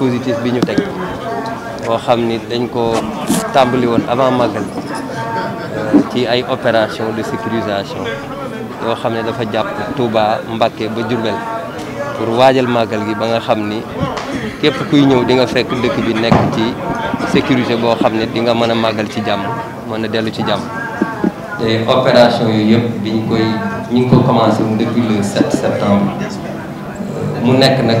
dispositif bi ñu teg boo xam ni dañ ko tàmbali woon avant màggal euh, ci ay opération de sécurisation yoo xam ne dafa jàpp Touba Mbacké ba Diourbel pour waajal màggal gi ba nga xam ni képp kuy ñëw di nga fekk dëkk bi nekk ci sécurité boo xam ne dinga mën a màggal ci jàmm mën a dellu ci jàmm te opération yooyu yëpp biñ koy ñu ngi ko commencé mu depuis le 7 septembre euh, mu nekk nag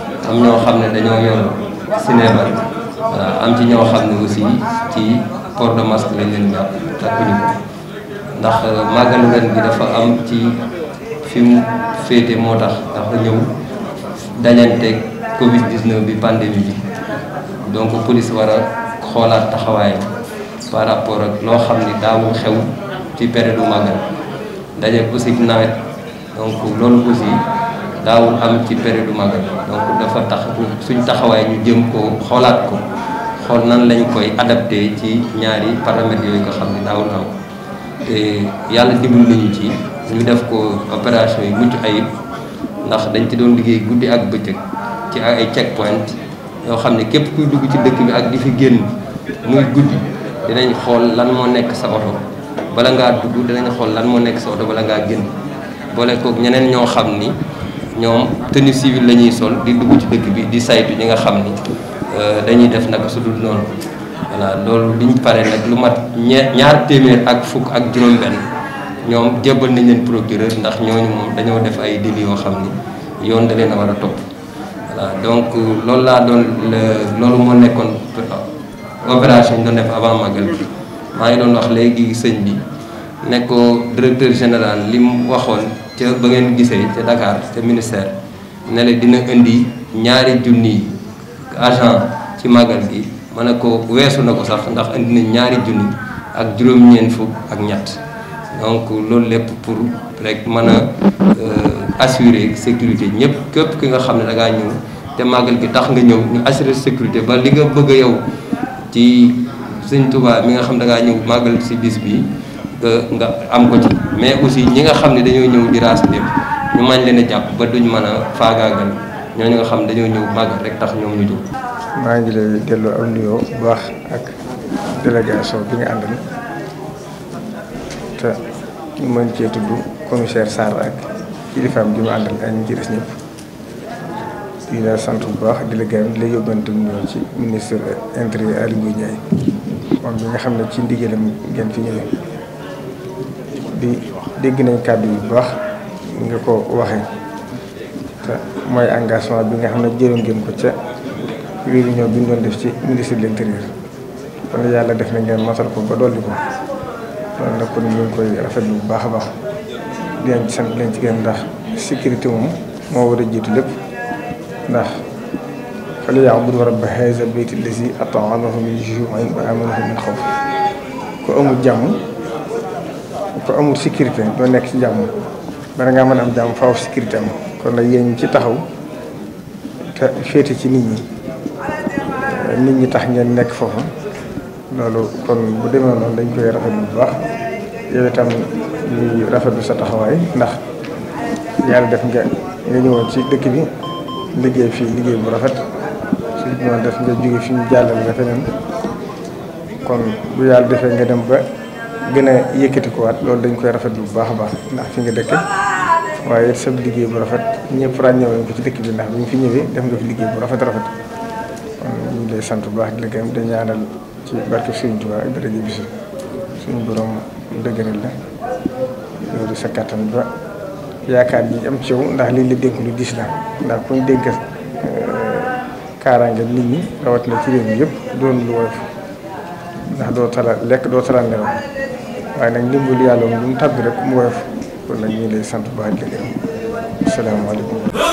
am ñoo xam ne dañoo yor cinéma euh, am ci ñoo xam ne aussi ci port de masque lañ leen jàpp takkuñu ko ndax euh, màggalu ren bi dafa am ci tax covid 19 bi pandémie bi donc police war a xoolaat taxawaayam par rapport ak loo xam ni daawul xew ci période màggal dajeeg aussi nawet donc loolu aussi daawul am ci période magal donc dafa tax suñ taxawaay ñu jëm ko xoolaat ko xool nan lañ koy adapté ci ñaari paramètres yooyu nga xam ni daawul am te yàlla dimbali nañu ci ñu def ko opération yi mucc ayib ndax dañ ci doon liggéey guddi ak bëccëg ci ay check point yoo xam ne képp kuy dugg ci dëkk bi ak di fi génn muy guddi dinañ xool lan moo nekk sa oto bala ngaa dugg dinañ xool lan moo nekk sa oto bala ngaa génn boole ñeneen ñoo xam ni ñoom tenue civile la ñuy sol di dugg ci dëkk bi di saytu ñi nga xam ni euh, dañuy def naka su dul noonu voilà loolu biñ pare nag lu mat ñaar téeméer ak fukk ak juróom-benn ñoom jébbal nañ leen procureur ndax ñooñu moom dañoo def ay délits yoo xam ni yoon da leen war a topp voilà donc euh, loolu laa doon loolu moo nekkoon euh, opération ñu doon def avant magal bi maa ngi doon wax léegi sëñ bi ne ko directeur général li mu waxoon ca ba ngeen gisee ca Dakar ca ministère ne la dina indi ñaari junni agent ci màggal gi ma ne ko weesu na ko sax ndax indi na ñaari junni ak juróom-ñeent fukk ak ñett donc loolu lépp pour rek mën a euh, assurer sécurité ñëpp képp ki nga xam ne da ñëw te màggal gi tax nga ñëw ñu assurer sécurité ba li nga bëgg a yow ci Sëñ Tuubaa mi nga xam da ngaa ñëw màggal si bis bi nga am ko ci mais aussi ñi nga xam ne dañoo ñëw di raas lépp ñu mañ leen a ba duñ mën a faagaagal ñooñu nga xam dañoo ñëw màggal rek tax ñoom ñu jóg maa ngi lay delloo am nuyoo bu baax ak délégation bi nga àndal te ñu mën cee tudd commissaire Sarr ak kilifaam bi mu àndal ak ñi ci des ñëpp di la sant bu baax di di la yóbbante nuyoo ci ministre intérieur Aly Ndiaye moom bi nga xam ne ci ndigalam ngeen fi ñëwee di dégg nañ kàddu yi bu baax nga ko waxee te mooy engagement bi nga xam ne jëloon ngeen ko ca réunion bi ñu doon def ci ministre de l'intérieur kon yàlla def na ngeen matal ko ba dolli ko loolu ko kon ñu ngi koy rafetlu bu baax a baax di leen sant leen ndax sécurité moom moo war a jiitu lépp ndax falya'budu rabba haazal bayti llazi at'amahum min juu'in wa aamanahum min xawf ku amul jàmm. ku amul sécurité doo nekk ci jàmm bala ngaa mën a am jàmm faaw sécurité am kon nag yéen ci taxaw te féete ci nit ñi nit ñi tax ngeen nekk foofu loolu kon bu demee noonu dañ koy rafetlu bu baax yow tam ñuy rafetlu sa taxawaay ndax yàlla def nga nga ñëwoon ci dëkk bi liggéey fii liggéey bu rafet su ñu def nga jóge fi ñu jàllale la feneen kon bu yàlla defee nga dem ba. gën a yëkkatikuwaat loolu dañ koy rafet bu baax a baax ndax fi nga dëkk waaye it sab liggéey bu rafet ñëpp ràññeewoo nañ ko ci dëkk bi ndax bi ñu fi ñëwee def nga fi liggéey bu rafet rafet kon ñu ngi lay sant bu baax di la gërëm di ñaanal ci barke Sëriñ Tuubaa ak daraja bisu suñu borom dëgëral la loolu sa kattan ba yaakaar ji am ci yow ndax lii la dénk lu diis la ndax kuñ dégg euh, kaaraange nit ñi rawat na ci réew mi yëpp doon lu woyof ndax doo tala lekk doo tala nelaw waaye nag ndimbalu yàlla moom lu mu tàbbi rek mu woyof kon nag ñu ngi sant bu baax di leen